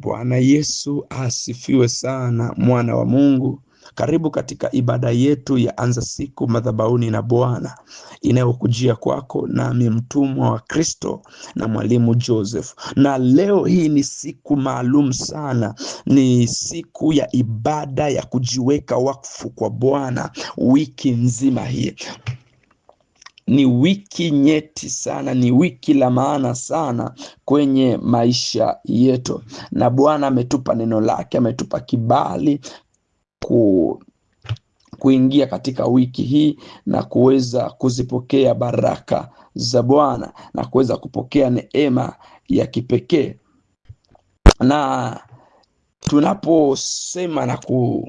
Bwana Yesu asifiwe sana, mwana wa Mungu. Karibu katika ibada yetu ya anza siku madhabahuni na Bwana inayokujia kwako, nami mtumwa wa Kristo na mwalimu Joseph. Na leo hii ni siku maalum sana, ni siku ya ibada ya kujiweka wakfu kwa Bwana wiki nzima hii. Ni wiki nyeti sana, ni wiki la maana sana kwenye maisha yetu, na Bwana ametupa neno lake, ametupa kibali ku kuingia katika wiki hii na kuweza kuzipokea baraka za Bwana na kuweza kupokea neema ya kipekee. Na tunaposema na ku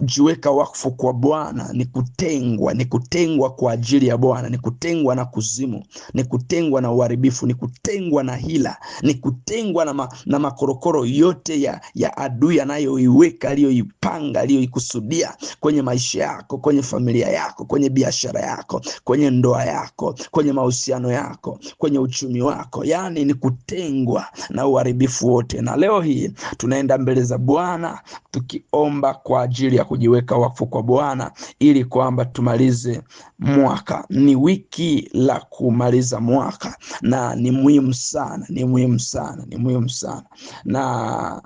kujiweka wakfu kwa Bwana ni kutengwa, ni kutengwa kwa ajili ya Bwana, ni kutengwa na kuzimu, ni kutengwa na uharibifu, ni kutengwa na hila, ni kutengwa na, ma, na makorokoro yote ya, ya adui anayoiweka aliyoipanga, aliyoikusudia kwenye maisha yako, kwenye familia yako, kwenye biashara yako, kwenye ndoa yako, kwenye mahusiano yako, kwenye uchumi wako, yaani ni kutengwa na uharibifu wote. Na leo hii tunaenda mbele za Bwana tukiomba kwa ajili ya kujiweka wakfu kwa Bwana ili kwamba tumalize mwaka. Ni wiki la kumaliza mwaka, na ni muhimu sana, ni muhimu sana, ni muhimu sana na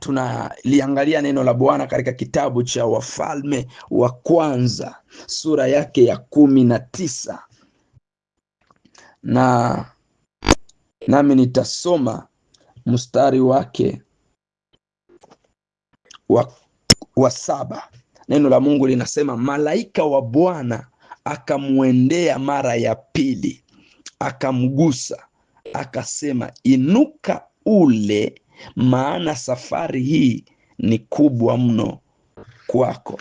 tunaliangalia neno la Bwana katika kitabu cha Wafalme wa Kwanza sura yake ya kumi na tisa na nami nitasoma mstari wake wa wa saba neno la Mungu linasema malaika wa Bwana akamwendea mara ya pili, akamgusa, akasema, inuka ule, maana safari hii ni kubwa mno kwako.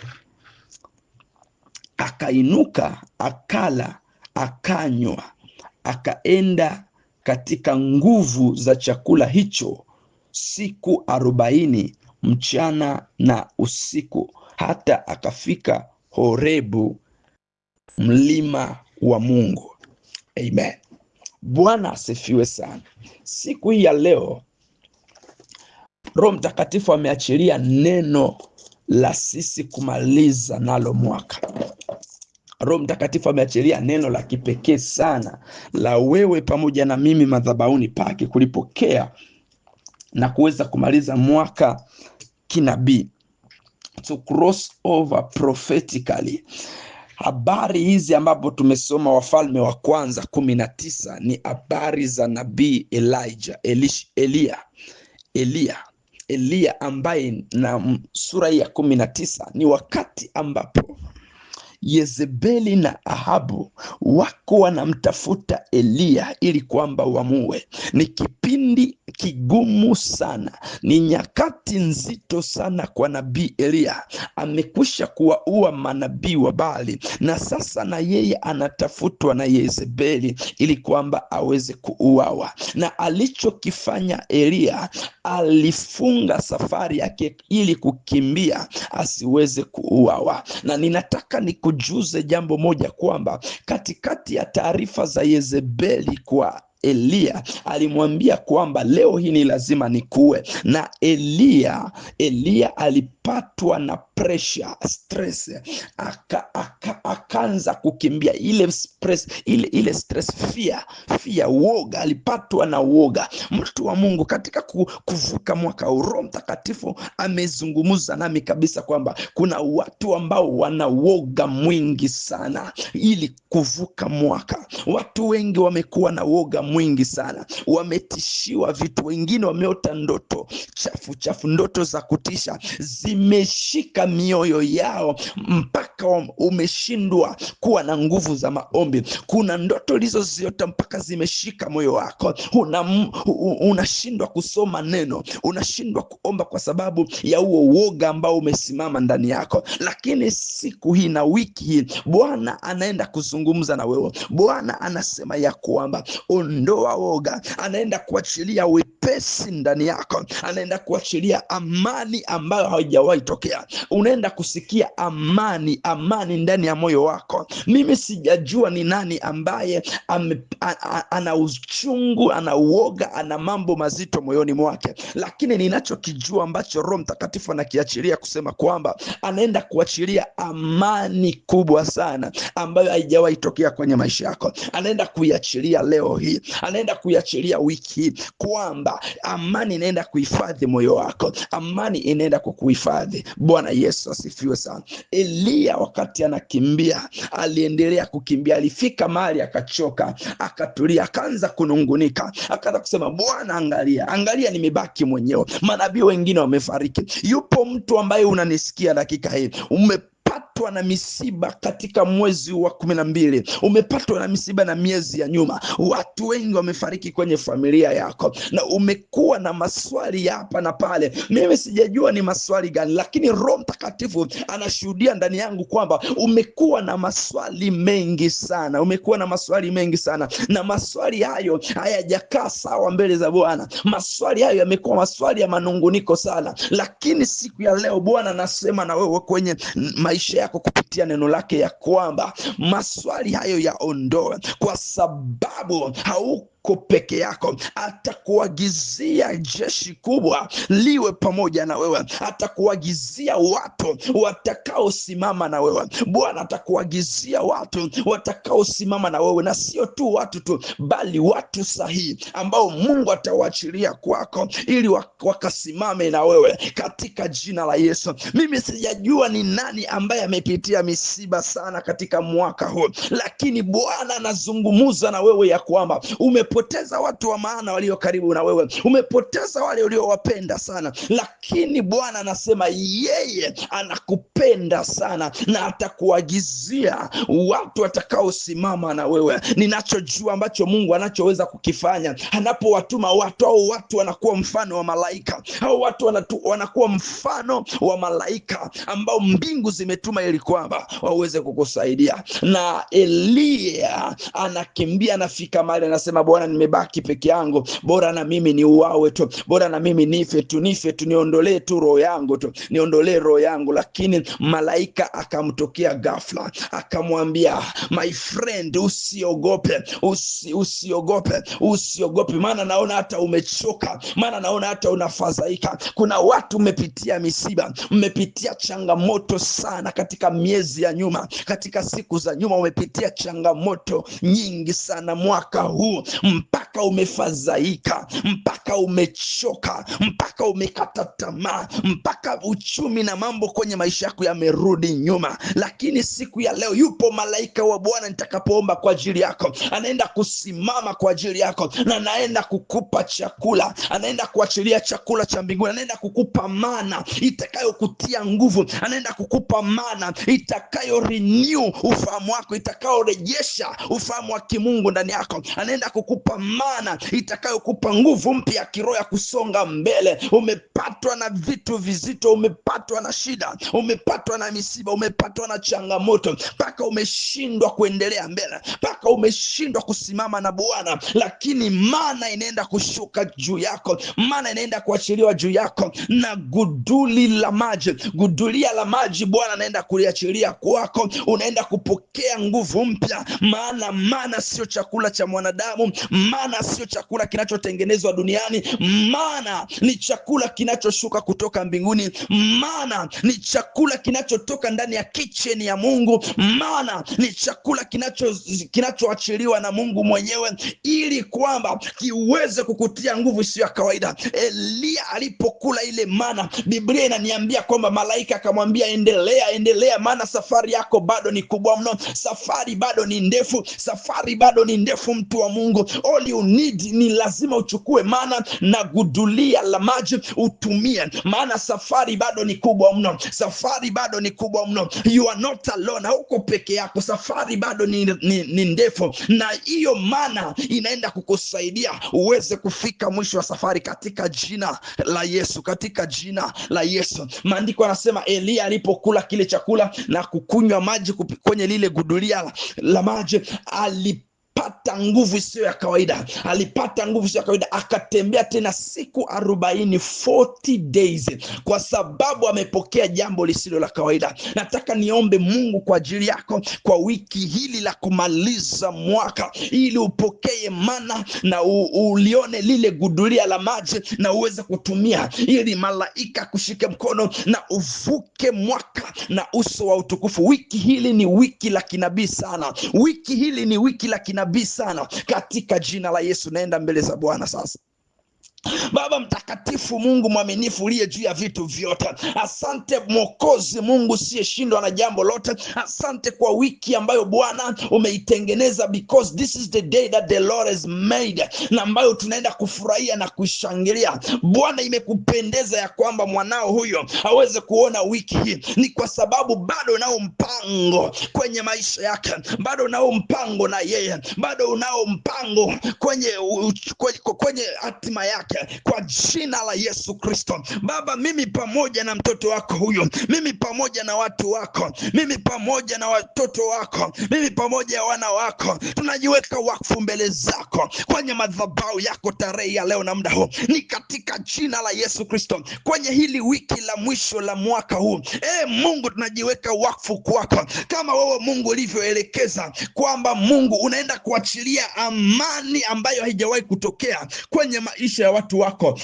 Akainuka, akala, akanywa, akaenda katika nguvu za chakula hicho siku arobaini mchana na usiku, hata akafika Horebu, mlima wa Mungu. Amen. Bwana asifiwe sana. Siku hii ya leo Roho Mtakatifu ameachilia neno la sisi kumaliza nalo mwaka. Roho Mtakatifu ameachilia neno la kipekee sana la wewe pamoja na mimi madhabahuni pake kulipokea na kuweza kumaliza mwaka kinabii to cross over prophetically habari hizi ambapo tumesoma Wafalme wa Kwanza kumi na tisa ni habari za nabii Elijah, Elish, Elia, Elia, Elia ambaye na sura ya kumi na tisa ni wakati ambapo Yezebeli na Ahabu wako wanamtafuta Eliya ili kwamba wamue. Ni kipindi kigumu sana, ni nyakati nzito sana kwa nabii Eliya. Amekwisha kuwaua manabii wa Baali na sasa na yeye anatafutwa na Yezebeli ili kwamba aweze kuuawa. Na alichokifanya Eliya, alifunga safari yake ili kukimbia asiweze kuuawa, na ninataka niku nikujuze jambo moja kwamba katikati ya taarifa za Yezebeli kwa Eliya alimwambia kwamba leo hii ni lazima nikuwe na Eliya. Eliya alipatwa na pressure, stress, aka, aka, akaanza kukimbia ile stress, ile, ile stress, fear, fear, woga. Alipatwa na woga. Mtu wa Mungu katika kuvuka mwaka, Roho Mtakatifu amezungumza nami kabisa kwamba kuna watu ambao wana woga mwingi sana ili kuvuka mwaka. Watu wengi wamekuwa na woga mwingi sana, wametishiwa vitu, wengine wameota ndoto chafu chafu, ndoto za kutisha zimeshika mioyo yao mpaka umeshindwa kuwa na nguvu za maombi. Kuna ndoto ulizoziota mpaka zimeshika moyo wako, unashindwa una kusoma neno, unashindwa kuomba kwa sababu ya huo uoga ambao umesimama ndani yako. Lakini siku hii na wiki hii Bwana anaenda kuzungumza na wewe. Bwana anasema ya kwamba un kuondoa woga, anaenda kuachilia wepesi ndani yako, anaenda kuachilia amani ambayo haijawahi tokea. Unaenda kusikia amani, amani ndani ya moyo wako. Mimi sijajua ni nani ambaye am, a, a, ana uchungu, ana uoga, ana mambo mazito moyoni mwake, lakini ninachokijua ambacho Roho Mtakatifu anakiachilia kusema kwamba anaenda kuachilia amani kubwa sana ambayo haijawahi tokea kwenye maisha yako, anaenda kuiachilia leo hii anaenda kuiachilia wiki kwamba amani inaenda kuhifadhi moyo wako, amani inaenda kukuhifadhi. Bwana Yesu asifiwe sana. Eliya wakati anakimbia aliendelea kukimbia, alifika mahali akachoka, akatulia, akaanza kunungunika, akaanza kusema Bwana, angalia, angalia, nimebaki mwenyewe, manabii wengine wamefariki, yupo mtu ambaye unanisikia dakika hii ume umepatwa na misiba katika mwezi wa kumi na mbili, umepatwa na misiba na miezi ya nyuma, watu wengi wamefariki kwenye familia yako, na umekuwa na maswali ya hapa na pale. Mimi sijajua ni maswali gani, lakini Roho Mtakatifu anashuhudia ndani yangu kwamba umekuwa na maswali mengi sana, umekuwa na maswali mengi sana, na maswali hayo hayajakaa sawa mbele za Bwana. Maswali hayo yamekuwa maswali ya manunguniko sana, lakini siku ya leo Bwana anasema na wewe kwenye maisha yako kupitia neno lake ya kwamba maswali hayo yaondoe, kwa sababu hau yako peke yako, atakuagizia jeshi kubwa liwe pamoja na wewe, atakuagizia watu watakaosimama na wewe. Bwana atakuagizia watu watakaosimama na wewe, na sio tu watu tu, bali watu sahihi ambao Mungu atawaachilia kwako ili wakasimame na wewe katika jina la Yesu. Mimi sijajua ni nani ambaye amepitia misiba sana katika mwaka huu, lakini Bwana anazungumza na wewe ya kwamba ume umepoteza watu wa maana walio karibu na wewe, umepoteza wale uliowapenda sana, lakini Bwana anasema yeye anakupenda sana na atakuagizia watu watakaosimama na wewe. Ninachojua ambacho Mungu anachoweza kukifanya anapowatuma watu au watu wanakuwa mfano wa malaika au watu wanatu, wanakuwa mfano wa malaika ambao mbingu zimetuma ili kwamba waweze kukusaidia. Na Eliya anakimbia, anafika mahali anasema Bwana Bwana, nimebaki peke yangu, bora na mimi ni uawe tu, bora na mimi nife tu, nife tu, niondolee tu roho yangu tu, niondolee roho yangu. Lakini malaika akamtokea ghafla, akamwambia my friend, usiogope, usi, usiogope, usiogope, maana naona hata umechoka, maana naona hata unafadhaika. Kuna watu mmepitia misiba, mmepitia changamoto sana katika miezi ya nyuma, katika siku za nyuma umepitia changamoto nyingi sana mwaka huu mpaka umefadhaika, mpaka umechoka, mpaka umekata tamaa, mpaka uchumi na mambo kwenye maisha yako yamerudi nyuma. Lakini siku ya leo yupo malaika wa Bwana nitakapoomba kwa ajili yako, anaenda kusimama kwa ajili yako na anaenda kukupa chakula, anaenda kuachilia chakula cha mbinguni, anaenda kukupa mana itakayokutia nguvu, anaenda kukupa mana itakayo renew ufahamu wako, itakayorejesha ufahamu wa kimungu ndani yako, anaenda kukupa itakupa mana itakayokupa nguvu mpya ya kiroho ya kusonga mbele. Umepatwa na vitu vizito, umepatwa na shida, umepatwa na misiba, umepatwa na changamoto mpaka umeshindwa kuendelea mbele, mpaka umeshindwa kusimama na Bwana, lakini mana inaenda kushuka juu yako, mana inaenda kuachiliwa juu yako na guduli la maji, gudulia la maji Bwana anaenda kuliachilia kwako, unaenda kupokea nguvu mpya, maana mana sio chakula cha mwanadamu, Mana sio chakula kinachotengenezwa duniani. Mana ni chakula kinachoshuka kutoka mbinguni. Mana ni chakula kinachotoka ndani ya kicheni ya Mungu. Mana ni chakula kinachoachiliwa kinacho na Mungu mwenyewe, ili kwamba kiweze kukutia nguvu isiyo ya kawaida. Eliya alipokula ile mana, Biblia inaniambia kwamba malaika akamwambia, endelea, endelea, maana safari yako bado ni kubwa mno, safari bado ni ndefu, safari bado ni ndefu, mtu wa Mungu all you need ni lazima uchukue, maana na gudulia la maji utumie, maana safari bado ni kubwa mno, safari bado ni kubwa mno. You are not alone, hauko peke yako, safari bado ni, ni, ni ndefu, na hiyo mana inaenda kukusaidia uweze kufika mwisho wa safari katika jina la Yesu, katika jina la Yesu. Maandiko yanasema Eliya alipokula kile chakula na kukunywa maji kwenye lile gudulia la, maji ali alipata nguvu isiyo ya kawaida, alipata nguvu isiyo ya kawaida, akatembea tena siku arobaini, 40 days, kwa sababu amepokea jambo lisilo la kawaida. Nataka niombe Mungu kwa ajili yako kwa wiki hili la kumaliza mwaka, ili upokee mana na u, ulione lile gudulia la maji na uweze kutumia, ili malaika kushike mkono na uvuke mwaka na uso wa utukufu. Wiki hili ni wiki la kinabii sana, wiki hili ni wiki la kinabii kabisa, na katika jina la Yesu naenda mbele za Bwana sasa Baba mtakatifu, Mungu mwaminifu, uliye juu ya vitu vyote, asante Mwokozi Mungu usiyeshindwa na jambo lote. Asante kwa wiki ambayo Bwana umeitengeneza, because this is the day that the Lord has made, na ambayo tunaenda kufurahia na kuishangilia. Bwana, imekupendeza ya kwamba mwanao huyo aweze kuona wiki hii, ni kwa sababu bado unao mpango kwenye maisha yake, bado unao mpango na yeye, bado unao mpango kwenye kwenye hatima yake wake kwa jina la Yesu Kristo. Baba, mimi pamoja na mtoto wako huyu, mimi pamoja na watu wako, mimi pamoja na watoto wako, mimi pamoja na wana wako, tunajiweka wakfu mbele zako kwenye madhabahu yako tarehe ya leo na muda huu, ni katika jina la Yesu Kristo, kwenye hili wiki la mwisho la mwaka huu. E Mungu, tunajiweka wakfu kwako kama wewe Mungu ulivyoelekeza kwamba Mungu unaenda kuachilia amani ambayo haijawahi kutokea kwenye maisha ya watu wako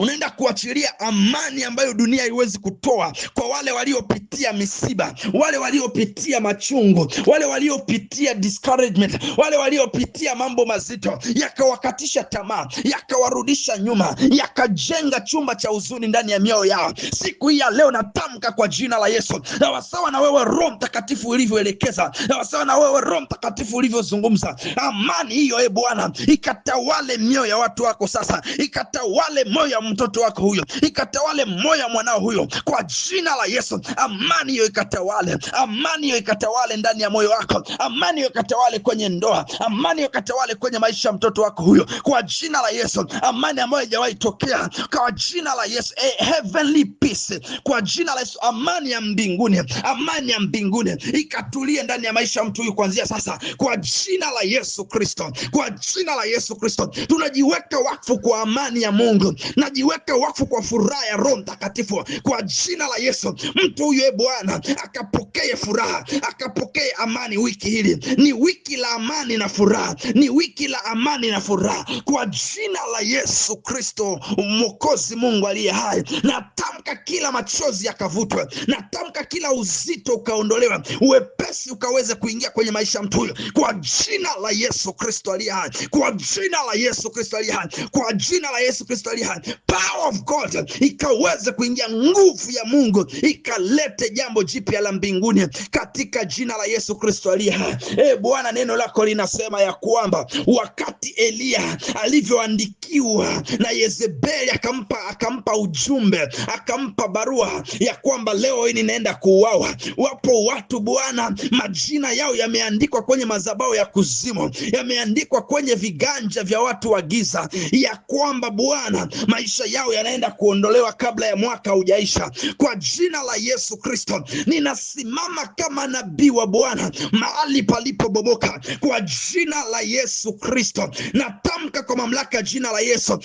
unaenda kuachilia amani ambayo dunia haiwezi kutoa kwa wale waliopitia misiba, wale waliopitia machungu, wale waliopitia discouragement, wale waliopitia mambo mazito yakawakatisha tamaa, yakawarudisha nyuma, yakajenga chumba cha huzuni ndani ya mioyo yao. Siku hii ya leo natamka kwa jina la Yesu, na wasawa na wewe Roho Mtakatifu ulivyoelekeza, na wasawa na wewe Roho Mtakatifu ulivyozungumza, amani hiyo, e Bwana, ikatawale mioyo ya watu wako sasa, ikatawale moyo mtoto wako huyo, ikatawale moyo mwanao huyo, kwa jina la Yesu. Amani hiyo ikatawale, amani hiyo ikatawale ndani ya moyo wako, amani hiyo ikatawale kwenye ndoa, amani hiyo ikatawale kwenye maisha ya mtoto wako huyo, kwa jina la Yesu. Amani ambayo haijawahi tokea, kwa jina la Yesu. A eh, heavenly peace, kwa jina la Yesu. Amani ya mbinguni, amani ya mbinguni ikatulie ndani ya maisha ya mtu huyu kuanzia sasa, kwa jina la Yesu Kristo, kwa jina la Yesu Kristo tunajiweka wakfu kwa amani ya Mungu na ajiweke wakfu kwa furaha ya Roho Mtakatifu kwa jina la Yesu. Mtu huyo e ee Bwana akapokee furaha, akapokee amani. Wiki hili ni wiki la amani na furaha, ni wiki la amani na furaha kwa jina la Yesu Kristo Mwokozi, Mungu aliye hai. Natamka kila machozi yakavutwe, natamka kila uzito ukaondolewa, uwepesi ukaweze kuingia kwenye maisha mtu huyo kwa jina la Yesu Kristo aliye hai, kwa jina la Yesu Kristo aliye hai, kwa jina la Yesu Kristo aliye hai power of God ikaweze kuingia, nguvu ya Mungu ikalete jambo jipya la mbinguni katika jina la Yesu Kristo aliye hai. E Bwana, neno lako linasema ya kwamba wakati Eliya alivyoandikiwa na Yezebeli, akampa akampa ujumbe akampa barua ya kwamba leo hii ninaenda kuuawa. Wapo watu Bwana, majina yao yameandikwa kwenye madhabahu ya kuzimu, yameandikwa kwenye viganja vya watu wa giza, ya kwamba Bwana maisha maisha yao yanaenda kuondolewa kabla ya mwaka hujaisha Kwa jina la Yesu Kristo, ninasimama kama nabii wa Bwana mahali palipobomoka, kwa jina la Yesu Kristo natamka kwa mamlaka ya jina la Yesu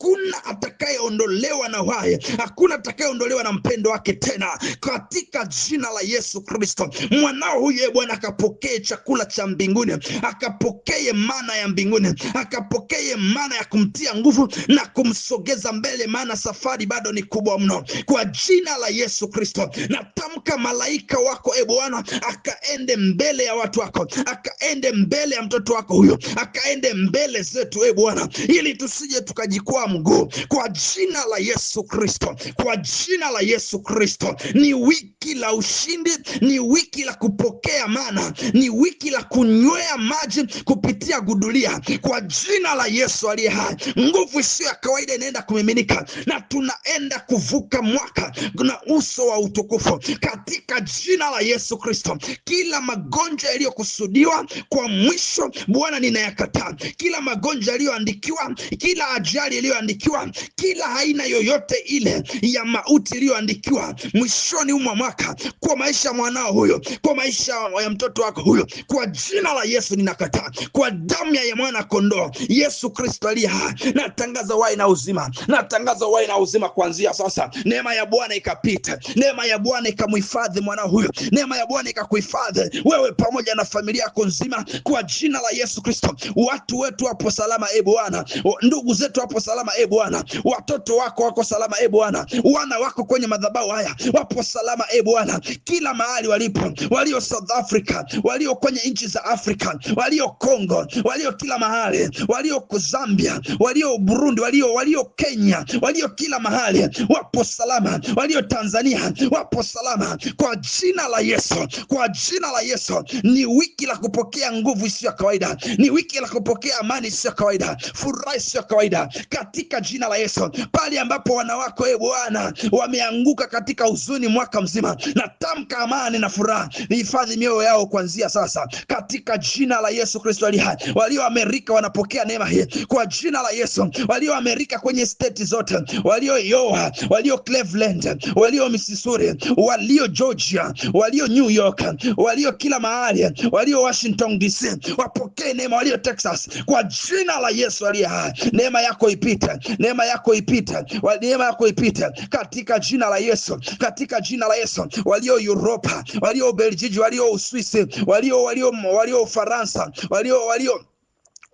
hakuna atakayeondolewa na waya, hakuna atakayeondolewa na mpendo wake tena, katika jina la Yesu Kristo. Mwanao huyu, e Bwana, akapokee chakula cha mbinguni, akapokee mana ya mbinguni, akapokee mana ya kumtia nguvu na kumsogeza mbele, maana safari bado ni kubwa mno, kwa jina la Yesu Kristo. Natamka malaika wako e Bwana, akaende mbele ya watu wako, akaende mbele ya mtoto wako huyo, akaende mbele zetu e Bwana, ili tusije tukajikwaa mguu kwa jina la Yesu Kristo, kwa jina la Yesu Kristo. Ni wiki la ushindi, ni wiki la kupokea mana, ni wiki la kunywea maji kupitia gudulia, kwa jina la Yesu aliye hai. Nguvu isiyo ya kawaida inaenda kumiminika na tunaenda kuvuka mwaka na uso wa utukufu katika jina la Yesu Kristo. Kila magonjwa yaliyokusudiwa kwa mwisho, Bwana, ninayakataa. Kila magonjwa yaliyoandikiwa, kila ajali iliyo iliyoandikiwa, kila aina yoyote ile ya mauti iliyoandikiwa mwishoni mwa mwaka kwa maisha ya mwanao huyo, kwa maisha ya mtoto wako huyo, kwa jina la Yesu ninakataa, kwa damu ya mwana kondoo Yesu Kristo aliye hai, natangaza wai na uzima, natangaza wai na uzima kuanzia sasa. Neema ya Bwana ikapita, neema ya Bwana ikamhifadhi mwanao huyo, neema ya Bwana ikakuhifadhi wewe pamoja na familia yako nzima, kwa jina la Yesu Kristo. Watu wetu hapo salama, e Bwana, ndugu zetu hapo salama salama e Bwana, watoto wako wako salama e Bwana, wana wako kwenye madhabahu haya wapo salama e Bwana, kila mahali walipo, walio South Africa, walio kwenye nchi za Afrika, walio Congo, walio kila mahali, walio Zambia, walio Burundi, walio walio Kenya, walio kila mahali wapo salama, walio Tanzania wapo salama kwa jina la Yesu, kwa jina la Yesu. Ni wiki la kupokea nguvu isiyo kawaida, ni wiki la kupokea amani isiyo kawaida, furaha isiyo kawaida kati katika jina la Yesu. Pale ambapo wanawako e Bwana wameanguka katika huzuni mwaka mzima, na tamka amani na furaha, nihifadhi mioyo yao kuanzia sasa katika jina la Yesu Kristo ali hai. Walio Amerika wanapokea neema hii kwa jina la Yesu. Walio Amerika kwenye state zote, walio Iowa, walio Cleveland, walio Missouri, walio Georgia, walio New York, walio kila mahali, walio Washington DC, wapokee neema, walio Texas kwa jina la Yesu aliye hai. Neema yako ipite ipita, neema yako ipita, neema yako ipita katika jina la Yesu, katika jina la Yesu. Walio Europa, walio Ubelgiji, walio Uswisi, walio walio walio Ufaransa, walio walio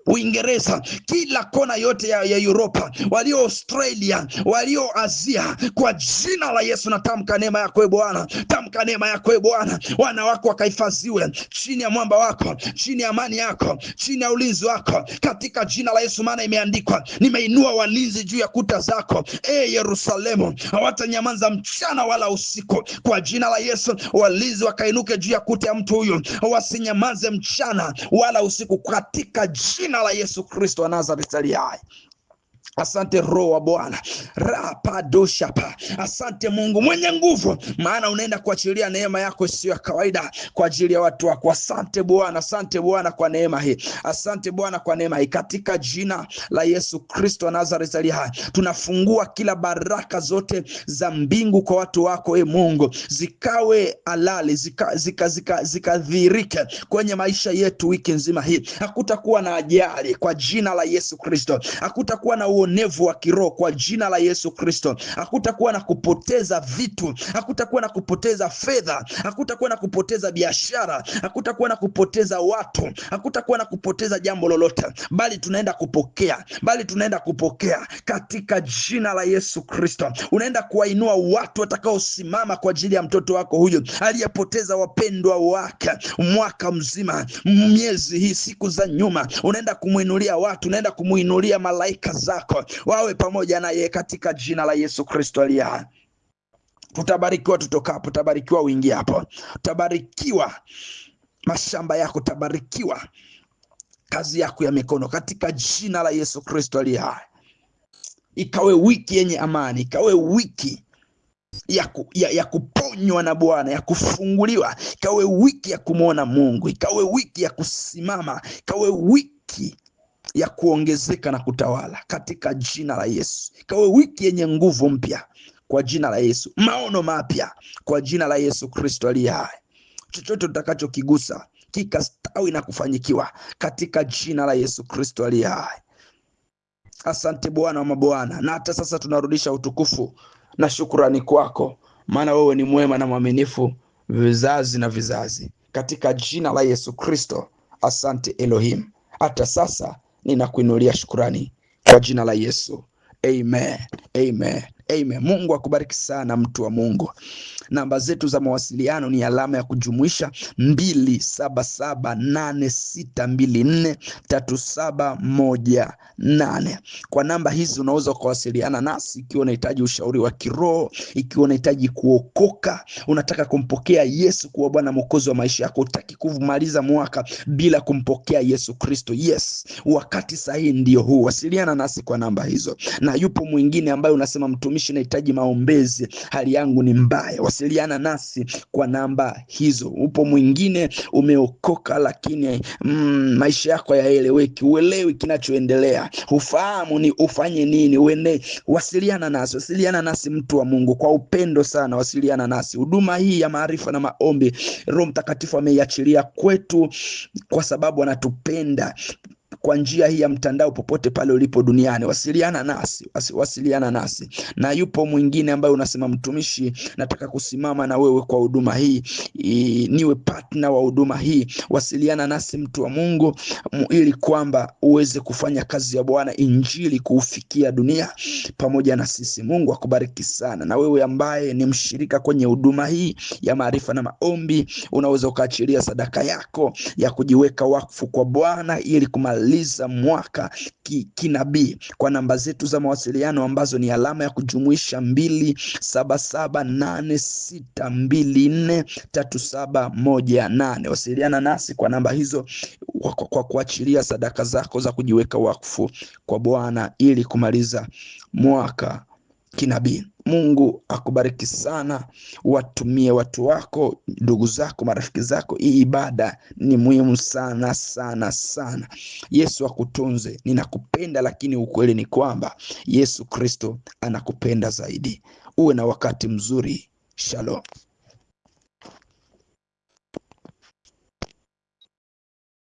Uingereza, kila kona yote ya, ya Uropa, walio Australia, walio Asia, kwa jina la Yesu natamka neema yako e Bwana, tamka neema yako e Bwana. Wana wako wakahifadhiwe chini ya mwamba wako, chini ya amani yako, chini ya ulinzi wako, katika jina la Yesu, maana imeandikwa, nimeinua walinzi juu ya kuta zako, e Yerusalemu, hawatanyamaza mchana wala usiku. Kwa jina la Yesu, walinzi wakainuke juu ya kuta ya mtu huyu, wasinyamaze mchana wala usiku, katika jina jina la Yesu Kristo wa Nazareti aliye hai. Asante Roho wa Bwana, rapadoshapa. Asante Mungu mwenye nguvu, maana unaenda kuachilia neema yako isiyo ya kawaida kwa ajili ya watu wako. Asante Bwana, asante Bwana kwa neema hii, asante Bwana kwa neema hii, katika jina la Yesu Kristo wa Nazareti aliye hai, tunafungua kila baraka zote za mbingu kwa watu wako, e Mungu, zikawe alali zikadhirike, zika, zika, zika kwenye maisha yetu wiki nzima hii. Hakutakuwa na ajali kwa jina la Yesu Kristo, hakutakuwa na uo uonevu wa kiroho kwa jina la Yesu Kristo. Hakutakuwa na kupoteza vitu, hakutakuwa na kupoteza fedha, hakutakuwa na kupoteza biashara, hakutakuwa na kupoteza watu, hakutakuwa na kupoteza jambo lolote, bali tunaenda kupokea, bali tunaenda kupokea katika jina la Yesu Kristo. Unaenda kuwainua watu watakaosimama kwa ajili ya mtoto wako huyu aliyepoteza wapendwa wake mwaka mzima, miezi hii, siku za nyuma. Unaenda kumwinulia watu, unaenda kumwinulia malaika zako wawe pamoja naye katika jina la Yesu Kristo aliye hai. Tutabarikiwa tutokapo, tutabarikiwa hapo, tutabarikiwa mashamba yako, utabarikiwa kazi yako ya mikono katika jina la Yesu Kristo aliye hai. Ikawe wiki yenye amani, ikawe wiki ya, ku, ya, ya kuponywa na Bwana, ya kufunguliwa, ikawe wiki ya kumwona Mungu, ikawe wiki ya kusimama, ikawe wiki ya kuongezeka na kutawala katika jina la Yesu. Ikawe wiki yenye nguvu mpya kwa jina la Yesu, maono mapya kwa jina la Yesu Kristo aliye hai. Chochote utakachokigusa kikastawi na kufanyikiwa katika jina la Yesu Kristo aliye hai. Asante Bwana wa mabwana, na hata sasa tunarudisha utukufu na shukurani kwako, maana wewe ni mwema na mwaminifu vizazi na vizazi, katika jina la Yesu Kristo. Asante Elohim, hata sasa ninakuinulia shukurani kwa jina la Yesu. Amen. Amen. Amen. Mungu akubariki sana mtu wa Mungu. Namba zetu za mawasiliano ni alama ya kujumuisha 2778624371 kwa namba hizi unaweza kuwasiliana nasi ikiwa unahitaji ushauri wa kiroho, ikiwa unahitaji kuokoka, unataka kumpokea Yesu kuwa Bwana Mwokozi wa maisha yako, utaki kumaliza mwaka bila kumpokea Yesu Kristo. Yes, wakati sahihi ndio huu. Wasiliana nasi kwa namba hizo, na yupo mwingine ambaye unasema mtu mtumishi, unahitaji maombezi, hali yangu ni mbaya, wasiliana nasi kwa namba hizo. Upo mwingine umeokoka, lakini mm, maisha yako hayaeleweki, uelewi kinachoendelea, hufahamu ni ufanye nini, uende, wasiliana nasi, wasiliana nasi mtu wa Mungu, kwa upendo sana, wasiliana nasi. Huduma hii ya maarifa na maombi, Roho Mtakatifu ameiachilia kwetu kwa sababu anatupenda kwa njia hii ya mtandao popote pale ulipo duniani, wasiliana nasi, wasiliana nasi. Na yupo mwingine ambaye unasema mtumishi, nataka kusimama na wewe kwa huduma hii I, niwe partner wa huduma hii, wasiliana nasi mtu wa Mungu ili kwamba uweze kufanya kazi ya Bwana, injili kuufikia dunia pamoja na sisi. Mungu akubariki sana. Na wewe ambaye ni mshirika kwenye huduma hii ya maarifa na maombi, unaweza ukaachilia sadaka yako ya kujiweka wakfu kwa Bwana ili kumaliza kumaliza mwaka kinabii kwa namba zetu za mawasiliano ambazo ni alama ya kujumuisha nane. wasiliana nasi kwa namba hizo kwa kuachilia sadaka zako za kujiweka wakfu kwa Bwana ili kumaliza mwaka kinabii. Mungu akubariki sana, watumie watu wako, ndugu zako, marafiki zako. Hii ibada ni muhimu sana sana sana. Yesu akutunze. Ninakupenda, lakini ukweli ni kwamba Yesu Kristo anakupenda zaidi. Uwe na wakati mzuri. Shalom.